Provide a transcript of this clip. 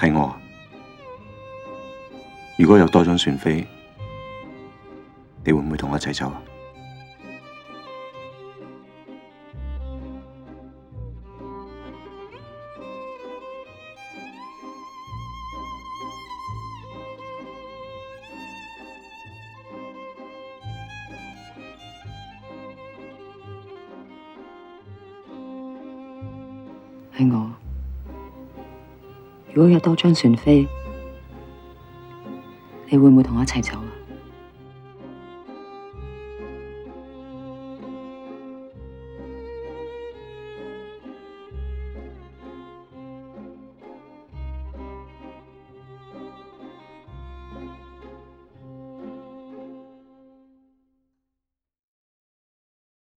係我，如果有多張船飛，你會唔會同我一齊走？如果有多一張船飛，你會唔會同我一齊走啊？